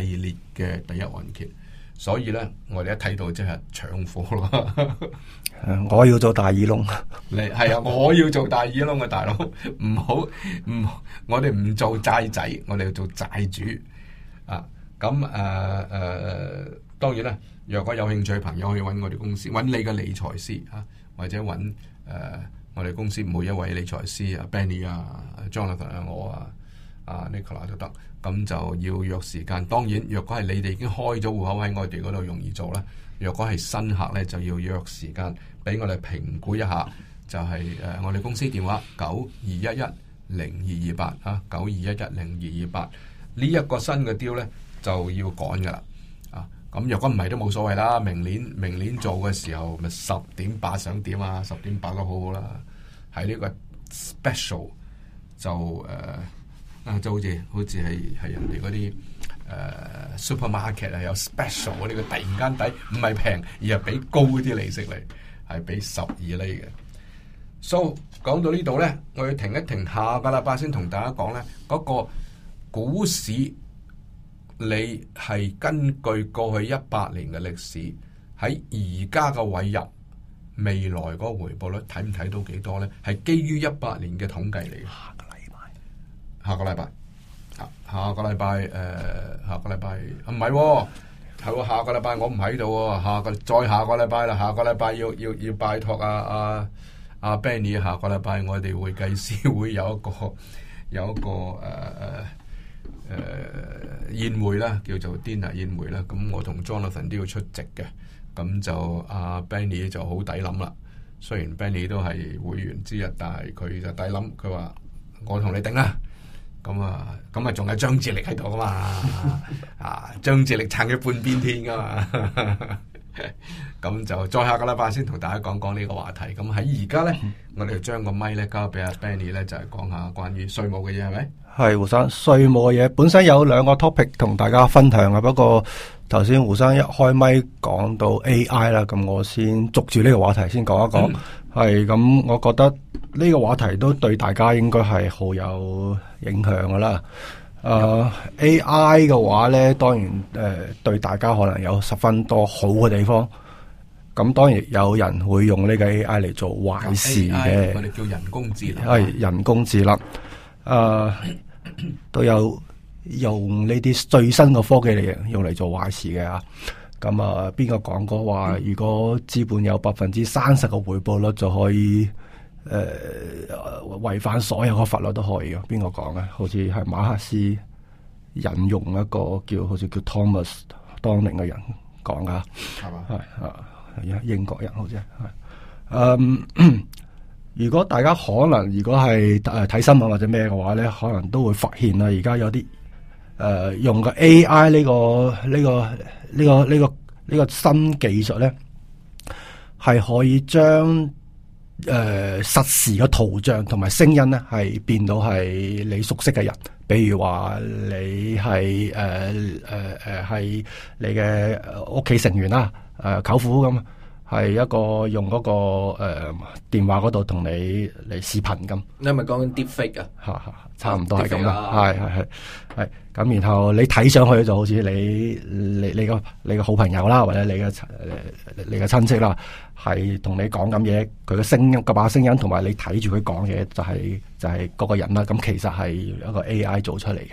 S2: 系列嘅第一按揭。所以咧，我哋一睇到即係搶貨咯。
S3: 我要做大耳窿，
S2: 你 係啊！我要做大耳窿啊，大佬。唔好唔，我哋唔做債仔，我哋要做債主。咁誒誒，當然啦。若果有興趣朋友，可以揾我哋公司，揾你嘅理財師啊，或者揾誒、呃、我哋公司每一位理財師啊，Benny 啊、Jonathan 啊、我啊、啊 Nicola 都得。咁就要約時間。當然，若果係你哋已經開咗戶口喺我哋嗰度，容易做啦。若果係新客咧，就要約時間俾我哋評估一下。就係、是、誒、呃，我哋公司電話九二一一零二二八啊，九二一一零二二八呢一個新嘅雕咧。就要趕噶啦，啊咁若果唔係都冇所謂啦。明年明年做嘅時候咪十點八上點啊，十點八都好好啦。喺呢個 special 就誒、啊，就好似好似係係人哋嗰啲誒 supermarket 係有 special 呢啲，突然間底，唔係平而係俾高啲利息嚟，係俾十二厘嘅。So，講到呢度咧，我要停一停。下個禮拜先同大家講咧嗰、嗰個股市。你係根據過去一百年嘅歷史，喺而家嘅位入未來個回報率睇唔睇到幾多咧？係基於一百年嘅統計嚟。下個禮拜，下個禮拜，下個禮拜，誒、呃，下個禮拜唔係喎，係喎，下個禮拜我唔喺度喎，下個，禮、哦、下個再下個禮拜啦，下個禮拜要要要拜託阿、啊、阿阿、啊啊、Benny，下個禮拜我哋會計師會有一個有一個誒。呃誒，宴會啦，叫做 dinner 宴會啦，咁我同 Jonathan 都要出席嘅，咁就阿、uh, Benny 就好抵諗啦。雖然 Benny 都係會員之一，但係佢就抵諗，佢話我同你頂啦。咁 啊，咁啊，仲有張智力喺度噶嘛？啊，張智力撐咗半邊天噶嘛？咁就再下個禮拜先同大家講講呢個話題。咁喺而家咧，我哋就將個咪咧交俾阿 Benny 咧，就係講下關於稅務嘅嘢，係咪？
S3: 係胡生，稅務嘅嘢，本身有兩個 topic 同大家分享啊。不過頭先胡生一開麥講到 AI 啦，咁我先捉住呢個話題先講一講。係、嗯、咁，我覺得呢個話題都對大家應該係好有影響噶啦。誒、啊嗯、AI 嘅話呢，當然誒、呃、對大家可能有十分多好嘅地方。咁當然有人會用呢個 AI 嚟做壞事嘅。我哋叫人工智能。係人工智能。誒、啊，都有用呢啲最新嘅科技嚟用嚟做壞事嘅吓，咁啊邊個講過話？如果資本有百分之三十嘅回報率就可以誒違、啊、反所有嘅法律都可以嘅？邊個講啊？好似係馬克思引用一個叫好似叫 Thomas 當年嘅人講噶，係嘛？係啊，係英國人好似係，嗯、啊。如果大家可能，如果係睇新聞或者咩嘅話咧，可能都會發現啦。而家有啲誒、呃、用 AI、呢個 AI 呢、呢個呢、呢個呢、呢個呢、呢個呢、呢個新技術咧，係可以將誒、呃、實時嘅圖像同埋聲音咧，係變到係你熟悉嘅人，比如話你係誒誒誒係你嘅屋企成員啦，誒、呃、舅父咁。係一個用嗰、那個誒、呃、電話嗰度同你嚟視頻咁，
S1: 你係咪講緊 deepfake 啊？吓
S3: 吓，差唔多係咁，係係係係咁。然後你睇上去就好似你你你個你嘅好朋友啦，或者你嘅你嘅親戚啦，係同你講咁嘢，佢嘅聲音把聲音，同埋你睇住佢講嘢、就是，就係就係嗰個人啦。咁其實係一個 AI 做出嚟嘅。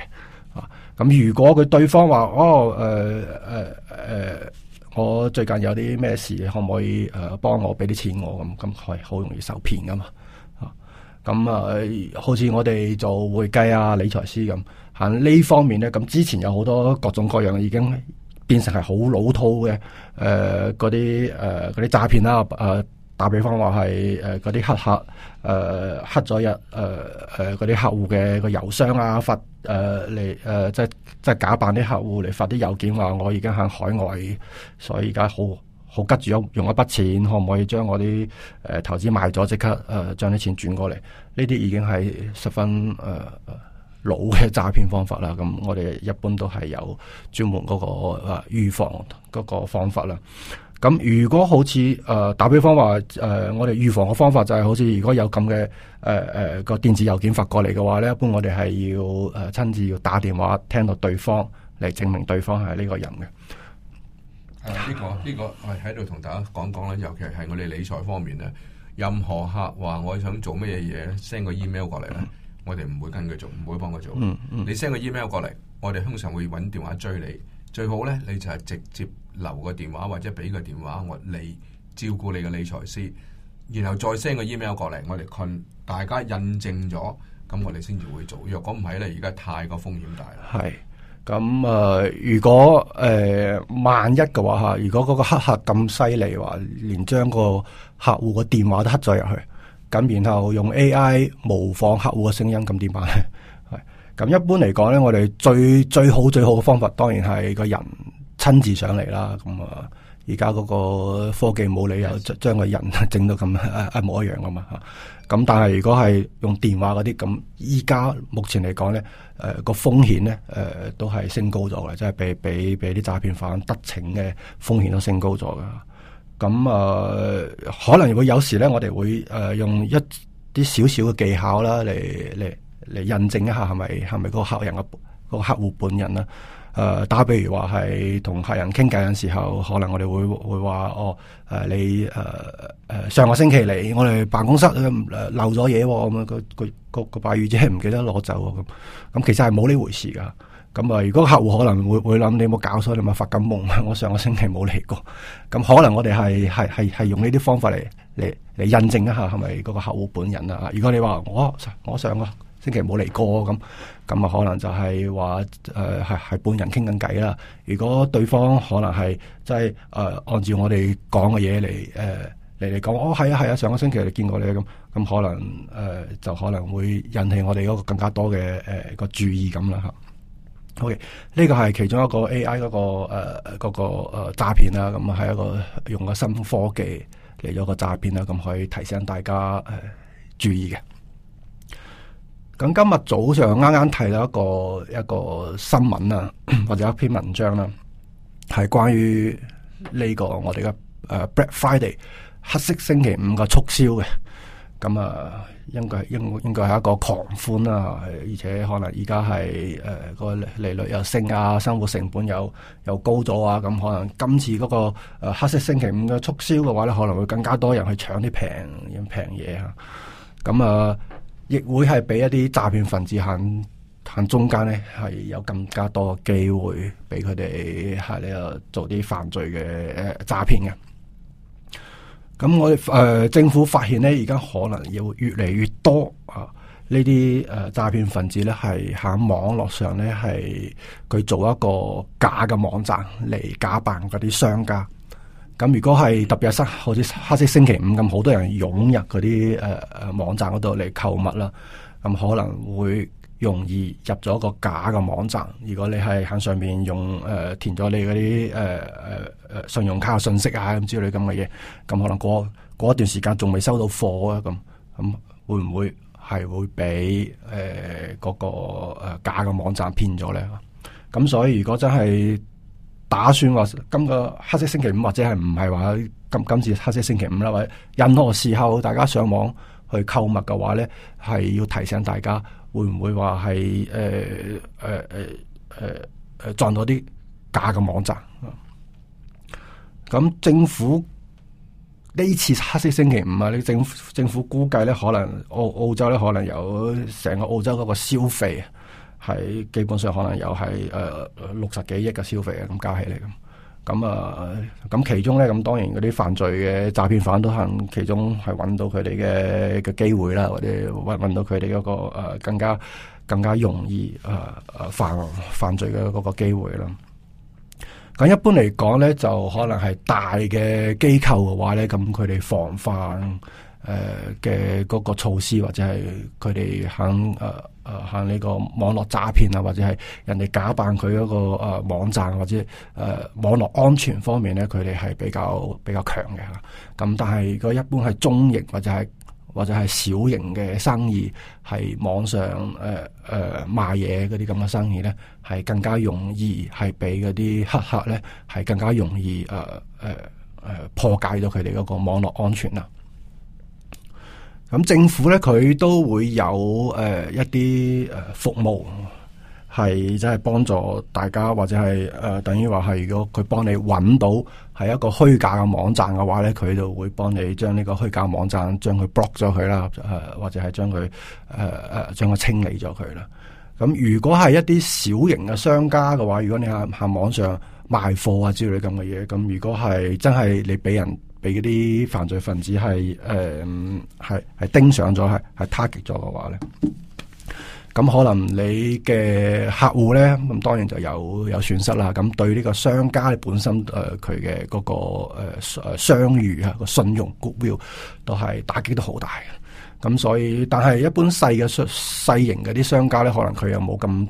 S3: 啊，咁如果佢對方話哦誒誒誒。呃呃呃我最近有啲咩事，可唔可以誒幫、呃、我俾啲錢我咁咁係好容易受騙噶嘛啊咁啊，好似我哋做會計啊、理財師咁喺呢方面咧，咁之前有好多各種各樣已經變成係好老套嘅誒，嗰啲誒嗰啲詐騙啦誒，打比、呃啊呃、方話係誒嗰啲黑客。誒、呃，黑咗日，誒、呃、誒，嗰、呃、啲客戶嘅個郵箱啊，發誒嚟誒，即係即係假扮啲客戶嚟發啲郵件話，我已經喺海外，所以而家好好急住用一筆錢，可唔可以將我啲誒、呃、投資賣咗，即刻誒將啲錢轉過嚟？呢啲已經係十分誒、呃、老嘅詐騙方法啦。咁我哋一般都係有專門嗰個預防嗰個方法啦。咁如果好似誒、呃、打比方話誒、呃，我哋預防嘅方法就係好似如果有咁嘅誒誒個電子郵件發過嚟嘅話咧，一般我哋係要誒、呃、親自要打電話聽到對方嚟證明對方係呢個人嘅。
S2: 呢個呢個，這個、我喺度同大家講講咧，尤其係我哋理財方面咧，任何客話我想做乜嘢嘢 send 個 email 過嚟咧，我哋唔會跟佢做，唔會幫佢做。嗯嗯，你 send 個 email 過嚟，我哋通常會揾電話追你。最好咧，你就係直接留個電話或者俾個電話我理照顧你嘅理財師，然後再 send 個 email 過嚟，我哋 con 大家印證咗，咁我哋先至會做。若果唔係咧，而家太過風險大
S3: 啦。係咁啊，如果誒、呃、萬一嘅話嚇，如果嗰個黑客咁犀利話，連將個客戶嘅電話都黑咗入去，咁然後用 AI 模仿客戶嘅聲音麼，咁點辦咧？咁一般嚟講咧，我哋最最好最好嘅方法，當然係個人親自上嚟啦。咁啊，而家嗰個科技冇理由將將個人整到咁一模一樣噶嘛。咁但係如果係用電話嗰啲咁，依家目前嚟講咧，誒、呃、個風險咧，誒、呃、都係升高咗嘅，即係俾俾俾啲詐騙犯得逞嘅風險都升高咗噶。咁啊、呃，可能會有時咧，我哋會誒、呃、用一啲少少嘅技巧啦嚟嚟，嚟印證一下係咪係咪個客人個、嗰個客戶本人啦、啊？誒、呃，打比如話係同客人傾偈嘅時候，可能我哋會會話哦，誒你誒誒、呃、上個星期嚟我哋辦公室漏咗嘢，咁，個個個個拜月姐唔記得攞走咁，咁其實係冇呢回事噶。咁啊，如果個客戶可能會會諗，你有冇搞錯，你咪發緊夢，我上個星期冇嚟過。咁可能我哋係係係係用呢啲方法嚟嚟嚟印證一下係咪嗰個客戶本人啦？啊，如果你話我我上個。星期冇嚟過咁，咁啊可能就係話誒係係半人傾緊偈啦。如果對方可能係即係誒按照我哋講嘅嘢嚟誒嚟嚟講，哦係啊係啊,啊，上個星期你見過你咁，咁、嗯、可能誒、呃、就可能會引起我哋嗰個更加多嘅誒、呃那個注意咁啦吓。OK，呢個係其中一個 AI 嗰、那個誒、呃那個誒詐騙啦，咁、嗯、係一個用個新科技嚟咗個詐騙啦，咁、嗯、可以提醒大家誒、呃、注意嘅。咁今日早上啱啱睇到一個一個新聞啊，或者一篇文章啦，係關於呢個我哋嘅誒 Black Friday 黑色星期五嘅促銷嘅。咁啊，應該應應該係一個狂歡啦，而且可能而家係誒個利率又升啊，生活成本又又高咗啊，咁可能今次嗰個誒黑色星期五嘅促銷嘅話咧，可能會更加多人去搶啲平平嘢。咁啊。亦會係俾一啲詐騙分子行行中間咧，係有更加多嘅機會俾佢哋係咧做啲犯罪嘅詐騙嘅。咁我哋誒、呃、政府發現咧，而家可能要越嚟越多啊呢啲誒詐騙分子咧，係喺網絡上咧係佢做一個假嘅網站嚟假扮嗰啲商家。咁如果係特別係黑，好似黑色星期五咁，好多人湧入嗰啲誒誒網站嗰度嚟購物啦，咁可能會容易入咗一個假嘅網站。如果你係喺上面用誒、呃、填咗你嗰啲誒信用卡信息啊咁之類咁嘅嘢，咁可能過過一段時間仲未收到貨啊咁，咁會唔會係會俾誒嗰個假嘅網站騙咗咧？咁所以如果真係，打算話今個黑色星期五或者係唔係話今今次黑色星期五啦，或者任何時候大家上網去購物嘅話咧，係要提醒大家會唔會話係誒誒誒誒撞到啲假嘅網站？咁政府呢次黑色星期五啊，呢政政府估計咧可能澳澳洲咧可能有成個澳洲嗰個消費。係基本上可能有係誒、呃、六十幾億嘅消費呀，咁加起嚟咁咁啊，咁其中咧，咁當然嗰啲犯罪嘅詐騙犯都肯其中係揾到佢哋嘅嘅機會啦，或者揾揾到佢哋嗰個誒、呃、更加更加容易誒誒、啊啊、犯犯罪嘅嗰個機會啦。咁一般嚟講咧，就可能係大嘅機構嘅話咧，咁佢哋防範誒嘅嗰個措施或者係佢哋肯誒。呃誒，向呢個網絡詐騙啊，或者係人哋假扮佢嗰個誒、呃、網站，或者誒、呃、網絡安全方面咧，佢哋係比較比較強嘅。咁但係如果一般係中型或者係或者係小型嘅生意，係網上誒誒、呃呃、賣嘢嗰啲咁嘅生意咧，係更加容易係俾嗰啲黑客咧，係更加容易誒誒誒破解咗佢哋嗰個網絡安全啦。咁政府咧，佢都會有誒一啲誒服務，係即係幫助大家，或者係誒、呃、等於話係，如果佢幫你揾到係一個虛假嘅網站嘅話咧，佢就會幫你將呢個虛假網站將佢 block 咗佢啦，誒、呃、或者係將佢誒誒將佢清理咗佢啦。咁如果係一啲小型嘅商家嘅話，如果你喺喺網上賣貨啊之類咁嘅嘢，咁如果係真係你俾人，俾嗰啲犯罪分子係誒，係、嗯、係盯上咗，係係 target 咗嘅話咧，咁可能你嘅客戶咧，咁當然就有有損失啦。咁對呢個商家本身誒，佢嘅嗰個誒誒、呃、商譽啊個信用 goodwill 都係打擊得好大嘅。咁所以，但係一般細嘅商細型嘅啲商家咧，可能佢又冇咁。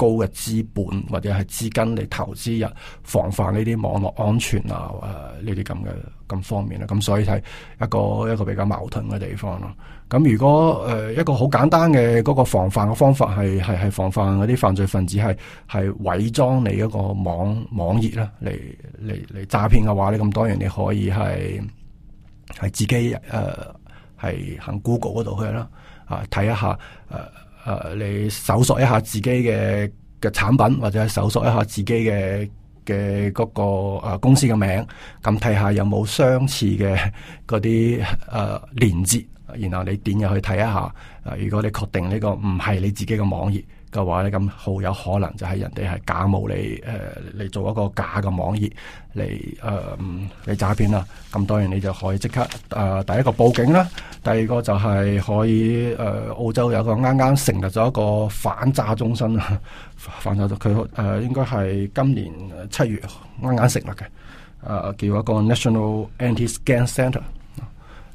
S3: 高嘅資本或者係資金嚟投資人，防範呢啲網絡安全啊，呢啲咁嘅咁方面啦，咁所以係一個一個比較矛盾嘅地方咯。咁如果誒、呃、一個好簡單嘅嗰個防範嘅方法係係係防範嗰啲犯罪分子係係偽裝你一個網網頁啦，嚟嚟嚟詐騙嘅話咧，咁當然你可以係係自己誒係、呃、行 Google 嗰度去啦，啊、呃、睇一下誒。呃你搜索一下自己嘅嘅產品，或者係搜索一下自己嘅嘅個啊公司嘅名，咁睇下有冇相似嘅嗰啲啊鏈接，然後你點入去睇一下。如果你確定呢個唔係你自己嘅網頁嘅話咧，咁好有可能就係人哋係假冒你誒嚟、呃、做一個假嘅網頁嚟誒嚟詐騙啦。咁當然你就可以即刻、呃、第一個報警啦，第二個就係可以誒、呃、澳洲有個啱啱成立咗一個反詐中心啊，反詐中心佢誒應該係今年七月啱啱成立嘅，呃、叫一個 National Anti Scam Center。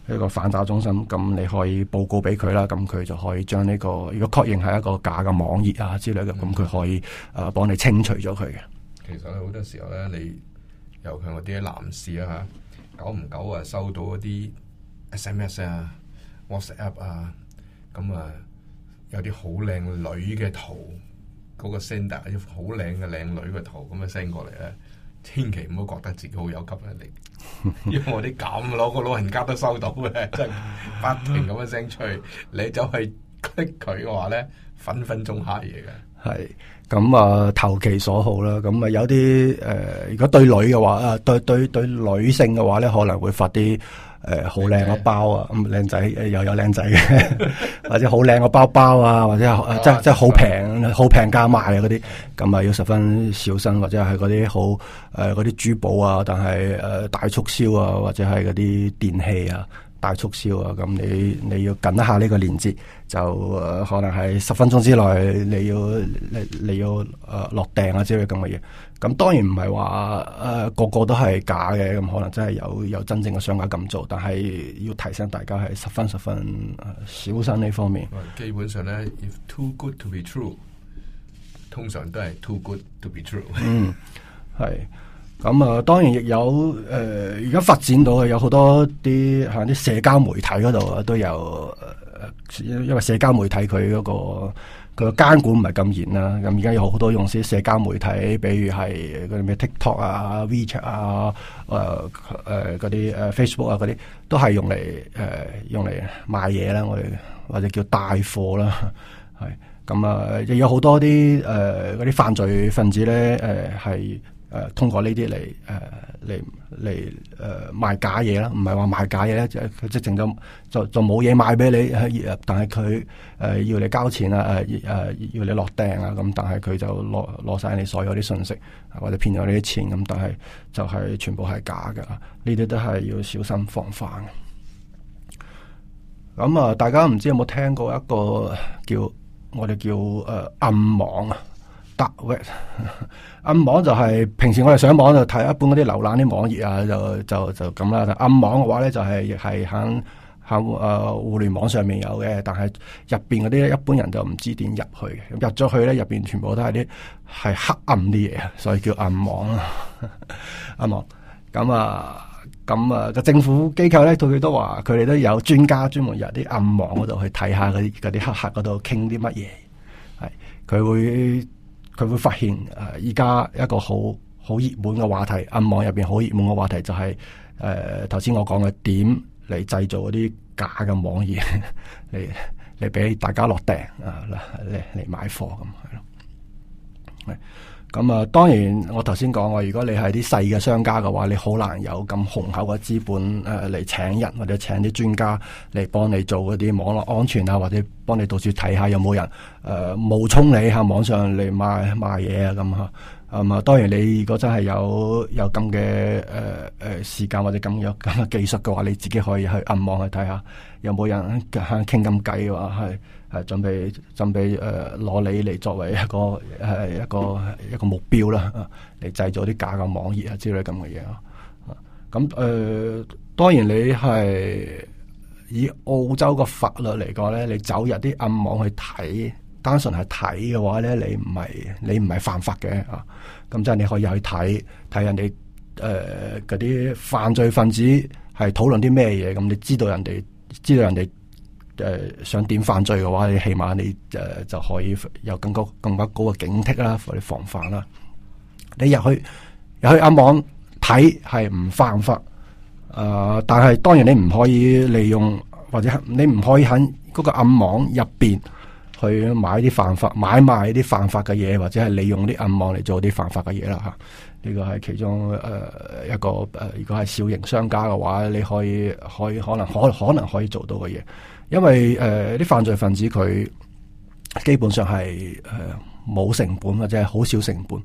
S3: 呢個反詐中心，咁你可以報告俾佢啦，咁佢就可以將呢、這個如果確認係一個假嘅網頁啊之類嘅，咁佢可以誒、呃、幫你清除咗佢嘅。
S2: 其實好多時候咧，你尤其我啲男士啊嚇，久唔久啊收到一啲 SMS 啊、WhatsApp 啊，咁啊有啲好靚女嘅圖，嗰、那個 sender 好靚嘅靚女嘅圖咁嘅 send 過嚟咧。千祈唔好覺得自己好有吸引力， 因為我啲咁攞個老人家都收到嘅，即係不停咁樣聲吹，你走去逼佢嘅話咧，分分鐘蝦嘢嘅。
S3: 係咁、嗯、啊，投其所好啦。咁、嗯、啊，有啲誒、呃，如果對女嘅話啊，對對對女性嘅話咧，可能會發啲誒好靚嘅包啊，咁靚、嗯、仔又有靚仔嘅， 或者好靚嘅包包啊，或者， 或者、啊、即係即係好平、好平價賣啊嗰啲，咁、嗯、啊要十分小心，或者係嗰啲好誒嗰啲珠寶啊，但係誒、呃、大促銷啊，或者係嗰啲電器啊。大促銷啊！咁你你要撳一下呢個鏈接，就、呃、可能係十分鐘之內你要你你要誒、呃、落訂啊之類咁嘅嘢。咁當然唔係話誒個個都係假嘅，咁可能真係有有真正嘅商家咁做，但係要提醒大家係十分十分小心呢方面。
S2: 基本上咧，if too good to be true，通常都係 too good to be true。 嗯，
S3: 係。咁、嗯、啊，當然亦有誒，而、呃、家發展到啊，有好多啲喺啲社交媒體嗰度啊，都有，因為社交媒體佢嗰、那個個監管唔係咁嚴啦。咁而家有好多用啲社交媒體，比如係嗰啲咩 TikTok 啊、WeChat 啊、誒誒嗰啲誒 Facebook 啊嗰啲，都係用嚟誒、呃、用嚟賣嘢啦，我哋或者叫帶貨啦，係咁啊，亦、嗯嗯嗯、有好多啲誒嗰啲犯罪分子咧，誒、呃、係。誒，通過呢啲嚟誒嚟嚟誒賣假嘢啦，唔係話賣假嘢，即係即係淨咗就就冇嘢賣俾你，但係佢誒要你交錢啊，誒、啊、誒要你落訂啊，咁但係佢就攞攞晒你所有啲信息，啊、或者騙咗你啲錢，咁、啊、但係就係全部係假噶，呢啲都係要小心防範嘅咁啊，大家唔知有冇聽過一個叫我哋叫誒、啊、暗網啊？暗 網就係平時我哋上網就睇一般嗰啲瀏覽啲網頁啊，就就就咁啦，暗網嘅話咧就係亦係喺喺誒互聯網上面有嘅，但係入邊嗰啲一般人就唔知點入去，入咗去咧，入邊全部都係啲係黑暗啲嘢，所以叫暗網啊 暗網咁啊咁啊個政府機構咧對佢都話佢哋都有專家專門入啲暗網嗰度去睇下嗰啲啲黑客，嗰度傾啲乜嘢係佢會。佢會發現，誒而家一個好好熱門嘅話題，暗網入邊好熱門嘅話題就係，誒頭先我講嘅點嚟製造嗰啲假嘅網頁，嚟嚟俾大家落訂啊，嚟嚟買貨咁係咯。咁、嗯、啊，當然我頭先講話，如果你係啲細嘅商家嘅話，你好難有咁雄厚嘅資本誒嚟、呃、請人或者請啲專家嚟幫你做嗰啲網絡安全啊，或者幫你到處睇下有冇人誒、呃、冒充你喺、啊、網上嚟賣賣嘢啊咁嚇。咁啊，當然你如果真係有有咁嘅誒誒時間或者咁樣咁技術嘅話，你自己可以去暗網去睇下有冇人傾咁計喎係準備準備誒，攞、呃、你嚟作為一個誒、呃、一個一個目標啦，嚟、啊、製造啲假嘅網頁啊之類咁嘅嘢。咁誒，當然你係以澳洲嘅法律嚟講咧，你走入啲暗網去睇，單純係睇嘅話咧，你唔係你唔係犯法嘅啊。咁即係你可以去睇睇人哋誒嗰啲犯罪分子係討論啲咩嘢，咁你知道人哋知道人哋。誒、呃，想點犯罪嘅話，你起碼你誒、呃、就可以有更高更加高嘅警惕啦，或者防範啦。你入去入去暗網睇係唔犯法，誒、呃，但係當然你唔可以利用或者你唔可以喺嗰個暗網入邊去買啲犯法買賣啲犯法嘅嘢，或者係利用啲暗網嚟做啲犯法嘅嘢啦吓。呢個係其中誒、呃、一個誒、呃，如果係小型商家嘅話，你可以可以可能可可能可以做到嘅嘢。因為誒、啲、呃、犯罪分子佢基本上係誒冇成本或者係好少成本，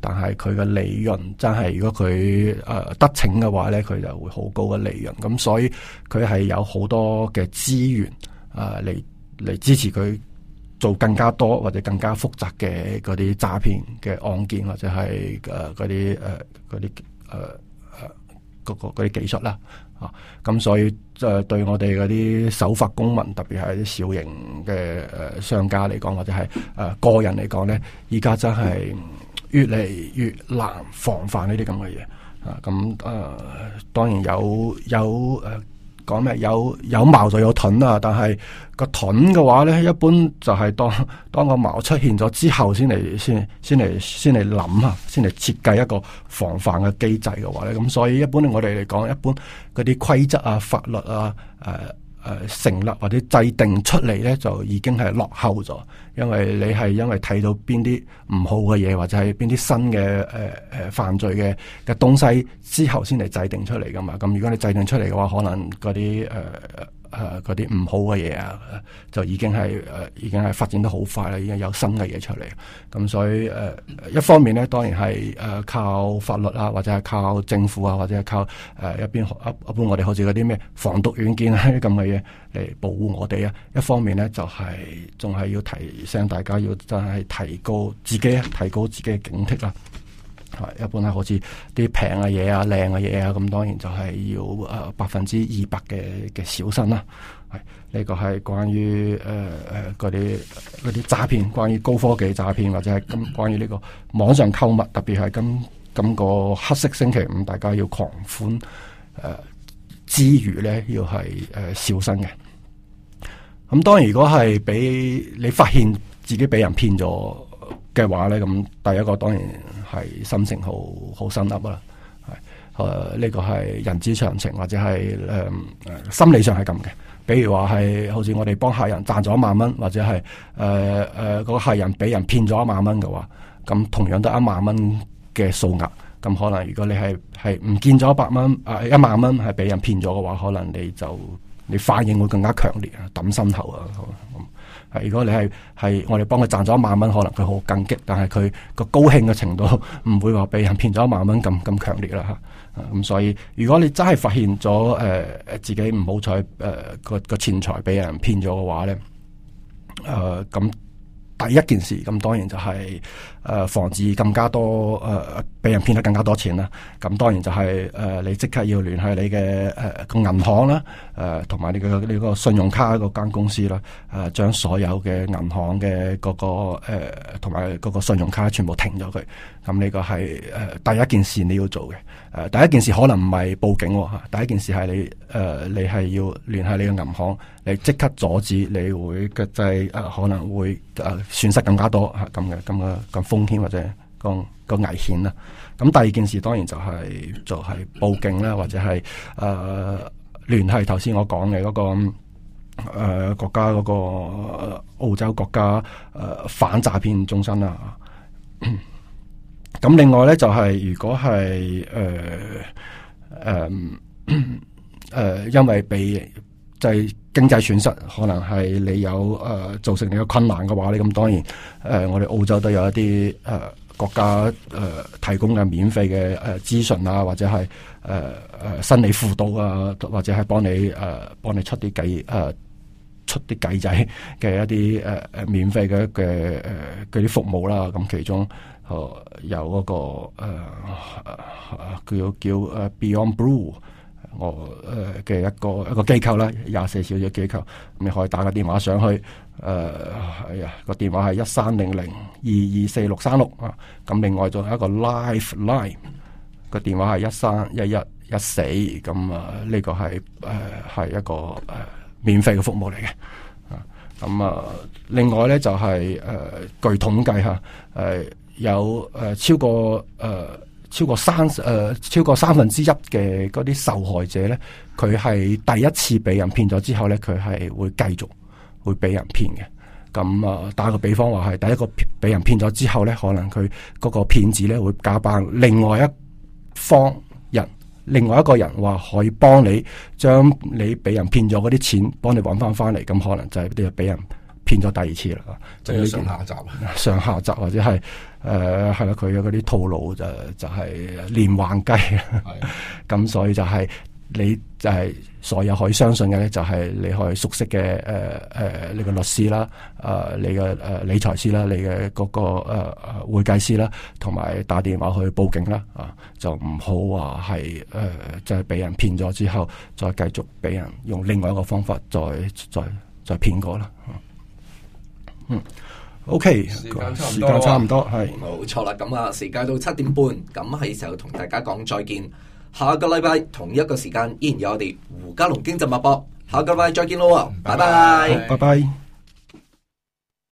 S3: 但係佢嘅利潤真係，如果佢誒、呃、得逞嘅話咧，佢就會好高嘅利潤。咁所以佢係有好多嘅資源誒嚟嚟支持佢做更加多或者更加複雜嘅嗰啲詐騙嘅案件或者係誒嗰啲誒啲誒誒個啲技術啦。啊，咁所以誒、啊、對我哋嗰啲守法公民，特別係啲小型嘅誒、呃、商家嚟講，或者係誒、呃、個人嚟講咧，而家真係越嚟越難防範呢啲咁嘅嘢。啊，咁、啊、誒、啊、當然有有誒。呃講咩有有矛就有盾啊！但係個盾嘅話咧，一般就係當當個矛出現咗之後來，先嚟先先嚟先嚟諗啊，先嚟設計一個防範嘅機制嘅話咧，咁所以一般我哋嚟講，一般嗰啲規則啊、法律啊、誒、呃。誒、呃，成立或者制定出嚟咧，就已經係落後咗，因為你係因為睇到邊啲唔好嘅嘢，或者係邊啲新嘅誒誒犯罪嘅嘅東西之後先嚟制定出嚟噶嘛，咁如果你制定出嚟嘅話，可能嗰啲誒。呃.誒、呃，嗰啲唔好嘅嘢啊，就已經係誒、呃，已經係發展得好快啦，已經有新嘅嘢出嚟。咁所以誒、呃，一方面呢，當然係誒、呃，靠法律啊，或者係靠政府啊，或者係靠誒、呃、一邊一一般我哋好似嗰啲咩防毒軟件啊啲咁嘅嘢嚟保護我哋啊。一方面呢，就係仲係要提醒大家要真係提高自己啊，提高自己嘅警惕啦、啊。一般係，好似啲平嘅嘢啊、靚嘅嘢啊，咁當然就係要誒百分之二百嘅嘅小心啦。係呢、這個係關於誒誒嗰啲嗰啲詐騙，關於高科技詐騙或者係今、嗯、關於呢個網上購物，特別係今今個黑色星期五，大家要狂歡誒、呃、之餘咧，要係誒小心嘅。咁、呃、當然，如果係俾你發現自己俾人騙咗嘅話咧，咁第一個當然。係心情好好心悒，啦，係誒呢個係人之常情，或者係誒、呃、心理上係咁嘅。比如話係好似我哋幫客人賺咗一萬蚊，或者係誒誒個客人俾人騙咗一萬蚊嘅話，咁同樣都一萬蚊嘅數額。咁可能如果你係係唔見咗一百蚊，誒、呃、一萬蚊係俾人騙咗嘅話，可能你就你反應會更加強烈啊，抌心頭啊，好。係，如果你係係我哋幫佢賺咗一萬蚊，可能佢好感激，但係佢個高興嘅程度唔會話俾人騙咗一萬蚊咁咁強烈啦嚇。咁所以如果你真係發現咗誒、呃、自己唔好彩誒個個錢財俾人騙咗嘅話咧，誒、呃、咁第一件事咁當然就係、是、誒、呃、防止更加多誒。呃俾人騙得更加多錢啦，咁當然就係、是、誒、呃、你即刻要聯繫你嘅誒個銀行啦，誒同埋你個呢個信用卡嗰間公司啦，誒、呃、將所有嘅銀行嘅嗰個同埋嗰個信用卡全部停咗佢，咁呢個係誒、呃、第一件事你要做嘅，誒、呃、第一件事可能唔係報警吓，第一件事係你誒、呃、你係要聯繫你嘅銀行，你即刻阻止你會嘅即係可能會誒、呃、損失更加多吓咁嘅咁嘅咁風險或者，個危險啦，咁第二件事當然就係、是、就係、是、報警啦，或者係誒聯繫頭先我講嘅嗰個誒、呃、國家嗰、那個澳洲國家誒、呃、反詐騙中心啦。咁、呃、另外咧就係、是、如果係誒誒誒因為被就係、是、經濟損失，可能係你有誒、呃、造成你嘅困難嘅話咧，咁當然誒、呃、我哋澳洲都有一啲誒。呃國家、呃、提供嘅免費嘅誒諮詢啊，或者係心、呃、理輔導啊，或者係幫你、呃、幫你出啲計誒、呃、出啲計仔嘅一啲、呃、免費嘅嘅啲服務啦、啊。咁其中、呃、有嗰個、呃呃、叫叫 Beyond Blue。我誒嘅一個一個機構啦，廿四小時機構，你可以打個電話上去誒，係啊個電話係一三零零二二四六三六啊，咁另外仲有一個 live line 個電話係一三一一一四，咁、這個、啊呢個係誒係一個誒、啊、免費嘅服務嚟嘅啊，咁啊另外咧就係、是、誒、啊、據統計吓，係、啊、有誒、啊、超過誒。啊超過三誒、呃，超過三分之一嘅嗰啲受害者咧，佢係第一次俾人騙咗之後咧，佢係會繼續會俾人騙嘅。咁啊、呃，打個比方話係第一個俾人騙咗之後咧，可能佢嗰個騙子咧會假扮另外一方人，另外一個人話可以幫你將你俾人騙咗嗰啲錢幫回來，幫你搵翻翻嚟。咁可能就係佢俾人騙咗第二次啦，即係上下集，上下集或者係誒係啦，佢嘅嗰啲套路就就係連環計。咁所以就係、是、你就係所有可以相信嘅咧，就係你可以熟悉嘅誒誒，你嘅律師啦，誒你嘅誒理財師啦，你嘅嗰、呃、個誒誒、呃、會計師啦，同埋打電話去報警啦啊、呃，就唔好話係誒就係、是、俾人騙咗之後，再繼續俾人用另外一個方法再再再騙過啦。呃嗯，OK，時間差唔多，係，
S1: 冇錯啦。咁啊，時間到七點半，咁係時候同大家講再見。下個禮拜同一個時間依然有我哋胡嘉龍經濟脈搏，下個禮拜再見咯，拜拜，拜拜。
S3: 拜拜，好。